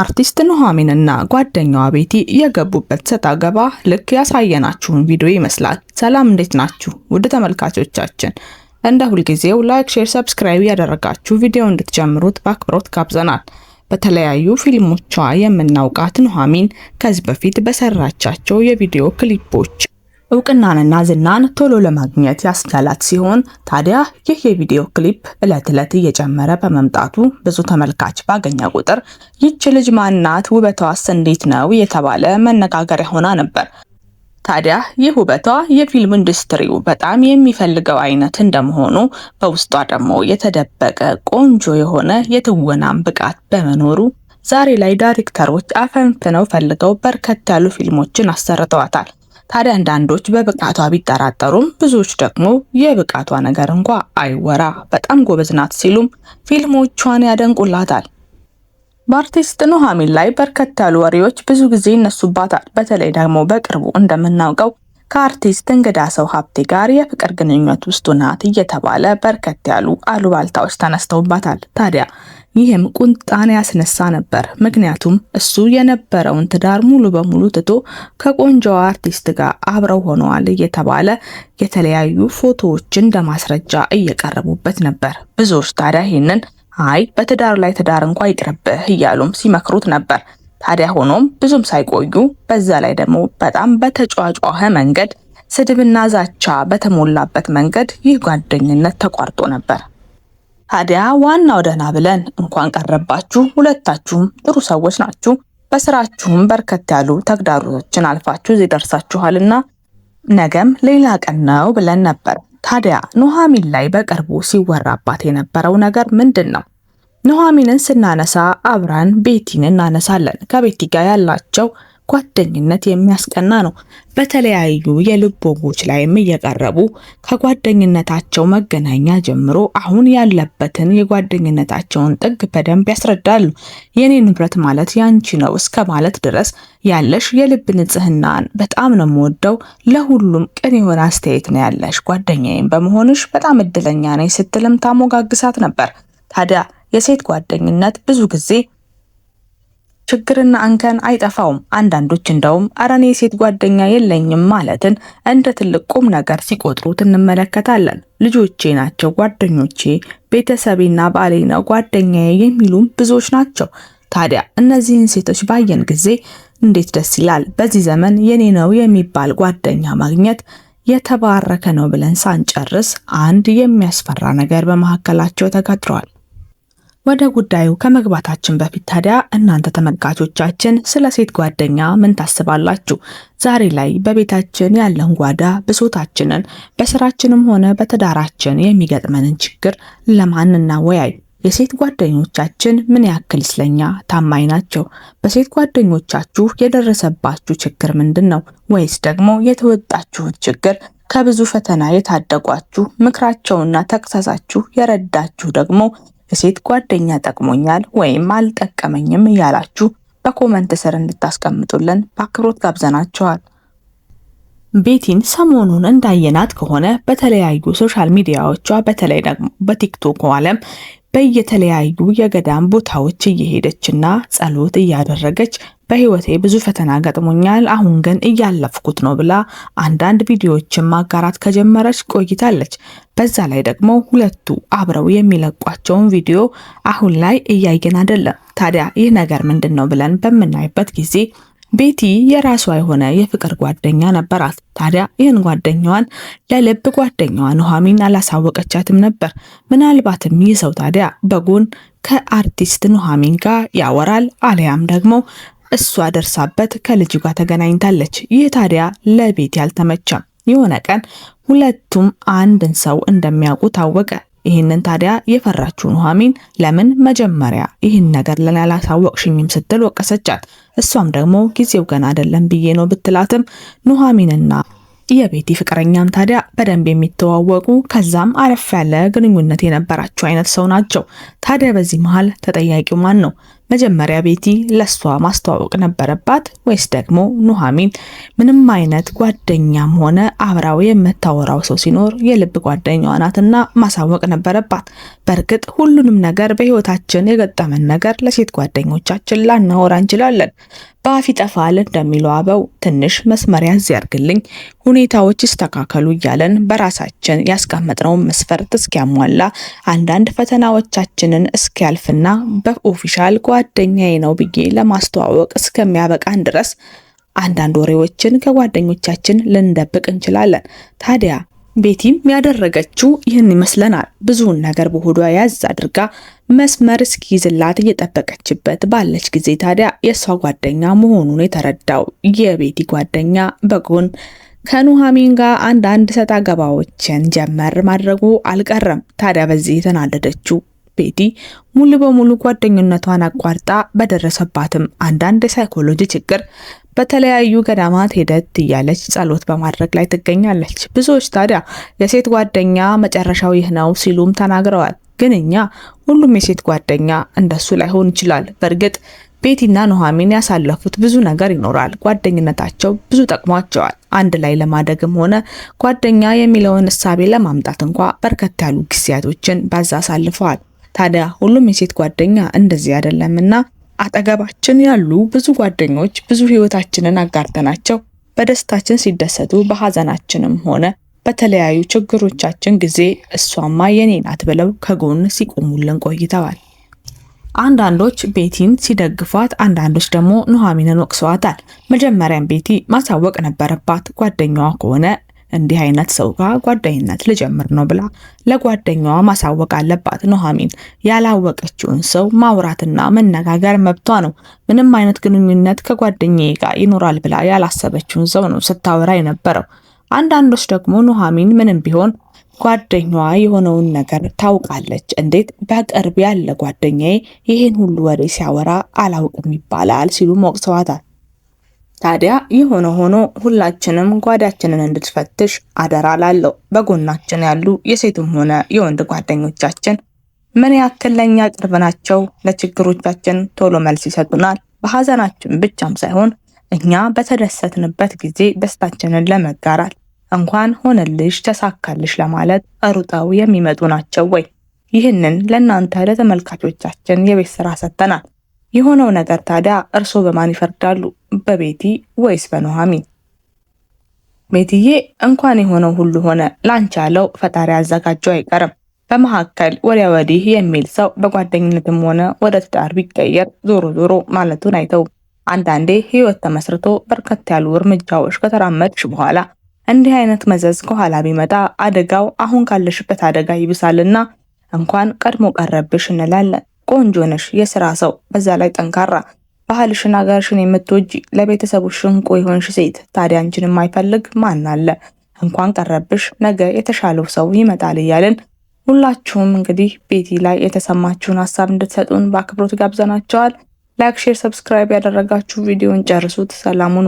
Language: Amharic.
አርቲስት ኑሐሚን እና ጓደኛዋ ቤቲ የገቡበት ሰጣ ገባ ልክ ያሳየናችሁን ቪዲዮ ይመስላል። ሰላም እንዴት ናችሁ? ውድ ተመልካቾቻችን እንደ ሁልጊዜው ላይክ፣ ሼር፣ ሰብስክራይብ ያደረጋችሁ ቪዲዮ እንድትጀምሩት በአክብሮት ጋብዘናል። በተለያዩ ፊልሞቿ የምናውቃት ኑሐሚን ከዚህ በፊት በሰራቻቸው የቪዲዮ ክሊፖች እውቅናንና ዝናን ቶሎ ለማግኘት ያስቻላት ሲሆን ታዲያ ይህ የቪዲዮ ክሊፕ እለት ዕለት እየጨመረ በመምጣቱ ብዙ ተመልካች ባገኘ ቁጥር ይች ልጅ ማናት? ውበቷስ እንዴት ነው? የተባለ መነጋገሪያ ሆና ነበር። ታዲያ ይህ ውበቷ የፊልም ኢንዱስትሪው በጣም የሚፈልገው አይነት እንደመሆኑ በውስጧ ደግሞ የተደበቀ ቆንጆ የሆነ የትወናም ብቃት በመኖሩ ዛሬ ላይ ዳይሬክተሮች አፈንፍነው ፈልገው በርከት ያሉ ፊልሞችን አሰርተዋታል። ታዲያ አንዳንዶች በብቃቷ ቢጠራጠሩም ብዙዎች ደግሞ የብቃቷ ነገር እንኳ አይወራ በጣም ጎበዝ ናት ሲሉም ፊልሞቿን ያደንቁላታል። በአርቲስት ኑሃሚን ላይ በርከት ያሉ ወሬዎች ብዙ ጊዜ ይነሱባታል። በተለይ ደግሞ በቅርቡ እንደምናውቀው ከአርቲስት እንግዳ ሰው ሀብቴ ጋር የፍቅር ግንኙነት ውስጥ ናት እየተባለ በርከት ያሉ አሉባልታዎች ተነስተውባታል። ታዲያ ይህም ቁንጣን ያስነሳ ነበር። ምክንያቱም እሱ የነበረውን ትዳር ሙሉ በሙሉ ትቶ ከቆንጆዋ አርቲስት ጋር አብረው ሆነዋል እየተባለ የተለያዩ ፎቶዎችን ለማስረጃ እየቀረቡበት ነበር። ብዙዎች ታዲያ ይህንን አይ በትዳር ላይ ትዳር እንኳ ይቅርብህ እያሉም ሲመክሩት ነበር። ታዲያ ሆኖም ብዙም ሳይቆዩ በዛ ላይ ደግሞ በጣም በተጫጫኸ መንገድ ስድብና ዛቻ በተሞላበት መንገድ ይህ ጓደኝነት ተቋርጦ ነበር። ታዲያ ዋናው ደህና ብለን እንኳን ቀረባችሁ። ሁለታችሁም ጥሩ ሰዎች ናችሁ። በስራችሁም በርከት ያሉ ተግዳሮቶችን አልፋችሁ እዚህ ደርሳችኋልና ነገም ሌላ ቀን ነው ብለን ነበር። ታዲያ ኑሐሚን ላይ በቅርቡ ሲወራባት የነበረው ነገር ምንድን ነው? ኑሐሚንን ስናነሳ አብረን ቤቲን እናነሳለን። ከቤቲ ጋር ያላቸው ጓደኝነት የሚያስቀና ነው። በተለያዩ የልብ ወጎች ላይም እየቀረቡ ከጓደኝነታቸው መገናኛ ጀምሮ አሁን ያለበትን የጓደኝነታቸውን ጥግ በደንብ ያስረዳሉ። የኔ ንብረት ማለት ያንቺ ነው እስከ ማለት ድረስ ያለሽ የልብ ንጽህናን በጣም ነው የምወደው፣ ለሁሉም ቅን የሆነ አስተያየት ነው ያለሽ፣ ጓደኛዬም በመሆንሽ በጣም እድለኛ ነኝ ስትልም ታሞጋግሳት ነበር። ታዲያ የሴት ጓደኝነት ብዙ ጊዜ ችግርና እንከን አይጠፋውም። አንዳንዶች እንደውም እኔ ሴት ጓደኛ የለኝም ማለትን እንደ ትልቅ ቁም ነገር ሲቆጥሩት እንመለከታለን። ልጆቼ ናቸው ጓደኞቼ፣ ቤተሰቤና ባሌ ነው ጓደኛዬ የሚሉም ብዙዎች ናቸው። ታዲያ እነዚህን ሴቶች ባየን ጊዜ እንዴት ደስ ይላል! በዚህ ዘመን የኔ ነው የሚባል ጓደኛ ማግኘት የተባረከ ነው ብለን ሳንጨርስ አንድ የሚያስፈራ ነገር በመካከላቸው ተጋድረዋል። ወደ ጉዳዩ ከመግባታችን በፊት ታዲያ እናንተ ተመልካቾቻችን ስለ ሴት ጓደኛ ምን ታስባላችሁ? ዛሬ ላይ በቤታችን ያለን ጓዳ ብሶታችንን፣ በስራችንም ሆነ በትዳራችን የሚገጥመንን ችግር ለማን እናወያይ? የሴት ጓደኞቻችን ምን ያክል ስለኛ ታማኝ ናቸው? በሴት ጓደኞቻችሁ የደረሰባችሁ ችግር ምንድን ነው? ወይስ ደግሞ የተወጣችሁት ችግር ከብዙ ፈተና የታደጓችሁ ምክራቸውና ተቅሳሳችሁ የረዳችሁ ደግሞ የሴት ጓደኛ ጠቅሞኛል ወይም አልጠቀመኝም እያላችሁ በኮመንት ስር እንድታስቀምጡልን በአክብሮት ጋብዘናቸዋል። ቤቲን ሰሞኑን እንዳየናት ከሆነ በተለያዩ ሶሻል ሚዲያዎቿ በተለይ ደግሞ በቲክቶክ ዓለም በየተለያዩ የገዳም ቦታዎች እየሄደችና ጸሎት እያደረገች በህይወቴ ብዙ ፈተና ገጥሞኛል፣ አሁን ግን እያለፍኩት ነው ብላ አንዳንድ ቪዲዮዎችን ማጋራት ከጀመረች ቆይታለች። በዛ ላይ ደግሞ ሁለቱ አብረው የሚለቋቸውን ቪዲዮ አሁን ላይ እያየን አይደለም። ታዲያ ይህ ነገር ምንድን ነው ብለን በምናይበት ጊዜ ቤቲ የራሷ የሆነ የፍቅር ጓደኛ ነበራት። ታዲያ ይህን ጓደኛዋን ለልብ ጓደኛዋ ኑሐሚን አላሳወቀቻትም ነበር። ምናልባትም ይህ ሰው ታዲያ በጎን ከአርቲስት ኑሐሚን ጋር ያወራል አሊያም ደግሞ እሷ ደርሳበት ከልጁ ጋር ተገናኝታለች። ይህ ታዲያ ለቤት ያልተመቸም። የሆነ ቀን ሁለቱም አንድን ሰው እንደሚያውቁ ታወቀ። ይህንን ታዲያ የፈራችው ኑሐሚን ለምን መጀመሪያ ይህን ነገር ለኔ አላሳወቅሽኝም ስትል ወቀሰቻት። እሷም ደግሞ ጊዜው ገና አይደለም ብዬ ነው ብትላትም ኑሐሚንና የቤቲ ፍቅረኛም ታዲያ በደንብ የሚተዋወቁ ከዛም አረፍ ያለ ግንኙነት የነበራቸው አይነት ሰው ናቸው። ታዲያ በዚህ መሀል ተጠያቂው ማን ነው? መጀመሪያ ቤቲ ለሷ ማስተዋወቅ ነበረባት ወይስ ደግሞ ኑሐሚን ምንም አይነት ጓደኛም ሆነ አብራው የምታወራው ሰው ሲኖር የልብ ጓደኛዋ ናትና ማሳወቅ ነበረባት? በእርግጥ ሁሉንም ነገር በህይወታችን የገጠመን ነገር ለሴት ጓደኞቻችን ላናወራ እንችላለን። በአፍ ይጠፋል እንደሚለው አበው ትንሽ መስመር ያዝ ያርግልኝ፣ ሁኔታዎች ይስተካከሉ እያለን በራሳችን ያስቀመጥነውን መስፈርት እስኪያሟላ አንዳንድ ፈተናዎቻችንን እስኪያልፍና በኦፊሻል ጓ ጓደኛዬ ነው ብዬ ለማስተዋወቅ እስከሚያበቃን ድረስ አንዳንድ ወሬዎችን ከጓደኞቻችን ልንደብቅ እንችላለን። ታዲያ ቤቲም ያደረገችው ይህን ይመስለናል። ብዙውን ነገር በሆዷ ያዝ አድርጋ መስመር እስኪይዝላት እየጠበቀችበት ባለች ጊዜ ታዲያ የእሷ ጓደኛ መሆኑን የተረዳው የቤቲ ጓደኛ በጎን ከኑሃሚን ጋር አንዳንድ ሰጣ ገባዎችን ጀመር ማድረጉ አልቀረም። ታዲያ በዚህ የተናደደችው ቤቲ ሙሉ በሙሉ ጓደኝነቷን አቋርጣ በደረሰባትም አንዳንድ የሳይኮሎጂ ችግር በተለያዩ ገዳማት ሄደት እያለች ጸሎት በማድረግ ላይ ትገኛለች። ብዙዎች ታዲያ የሴት ጓደኛ መጨረሻው ይህ ነው ሲሉም ተናግረዋል። ግን እኛ ሁሉም የሴት ጓደኛ እንደሱ ላይሆን ይችላል። በእርግጥ ቤቲና ኑሐሚን ያሳለፉት ብዙ ነገር ይኖራል። ጓደኝነታቸው ብዙ ጠቅሟቸዋል። አንድ ላይ ለማደግም ሆነ ጓደኛ የሚለውን እሳቤ ለማምጣት እንኳ በርከት ያሉ ጊዜያቶችን በዛ አሳልፈዋል። ታዲያ ሁሉም የሴት ጓደኛ እንደዚህ አይደለም እና አጠገባችን ያሉ ብዙ ጓደኞች ብዙ ህይወታችንን አጋርተናቸው በደስታችን ሲደሰቱ በሐዘናችንም ሆነ በተለያዩ ችግሮቻችን ጊዜ እሷማ የኔ ናት ብለው ከጎን ሲቆሙልን ቆይተዋል። አንዳንዶች ቤቲን ሲደግፏት፣ አንዳንዶች ደግሞ ኑሐሚንን ወቅሰዋታል። መጀመሪያም ቤቲ ማሳወቅ ነበረባት ጓደኛዋ ከሆነ እንዲህ አይነት ሰው ጋር ጓደኝነት ልጀምር ነው ብላ ለጓደኛዋ ማሳወቅ አለባት ኑሐሚን። ያላወቀችውን ሰው ማውራትና መነጋገር መብቷ ነው። ምንም አይነት ግንኙነት ከጓደኛዬ ጋር ይኖራል ብላ ያላሰበችውን ሰው ነው ስታወራ የነበረው። አንዳንዶች ደግሞ ኑሐሚን ምንም ቢሆን ጓደኛዋ የሆነውን ነገር ታውቃለች። እንዴት በቅርብ ያለ ጓደኛዬ ይህን ሁሉ ወሬ ሲያወራ አላውቅም ይባላል ሲሉ ወቅሰዋታል። ታዲያ የሆነ ሆኖ ሁላችንም ጓዳችንን እንድትፈትሽ አደራ ላለው በጎናችን ያሉ የሴትም ሆነ የወንድ ጓደኞቻችን ምን ያክል ለእኛ ቅርብ ናቸው? ለችግሮቻችን ቶሎ መልስ ይሰጡናል። በሐዘናችን ብቻም ሳይሆን እኛ በተደሰትንበት ጊዜ ደስታችንን ለመጋራት እንኳን ሆነልሽ ተሳካልሽ ለማለት እሩጠው የሚመጡ ናቸው ወይ? ይህንን ለእናንተ ለተመልካቾቻችን የቤት ስራ ሰጥተናል። የሆነው ነገር ታዲያ እርስዎ በማን ይፈርዳሉ? በቤቲ ወይስ በኑሐሚን? ቤትዬ እንኳን የሆነው ሁሉ ሆነ፣ ላንቺ ያለው ፈጣሪ አዘጋጀው አይቀርም። በመካከል ወዲያ ወዲህ የሚል ሰው በጓደኝነትም ሆነ ወደ ትዳር ቢቀየር ዞሮ ዞሮ ማለቱን አይተውም። አንዳንዴ ህይወት ተመስርቶ በርከት ያሉ እርምጃዎች ከተራመድሽ በኋላ እንዲህ አይነት መዘዝ ከኋላ ቢመጣ አደጋው አሁን ካለሽበት አደጋ ይብሳልና እንኳን ቀድሞ ቀረብሽ እንላለን። ቆንጆ ነሽ፣ የስራ ሰው፣ በዛ ላይ ጠንካራ፣ ባህልሽን አገርሽን የምትወጂ ለቤተሰቡ እንቁ የሆንሽ ሴት። ታዲያ አንቺን የማይፈልግ ማን አለ? እንኳን ቀረብሽ፣ ነገ የተሻለው ሰው ይመጣል እያልን ሁላችሁም እንግዲህ ቤቲ ላይ የተሰማችሁን ሀሳብ እንድትሰጡን በአክብሮት ጋብዘናቸዋል። ላይክ፣ ሼር፣ ሰብስክራይብ ያደረጋችሁ ቪዲዮን ጨርሱት። ሰላሙኑ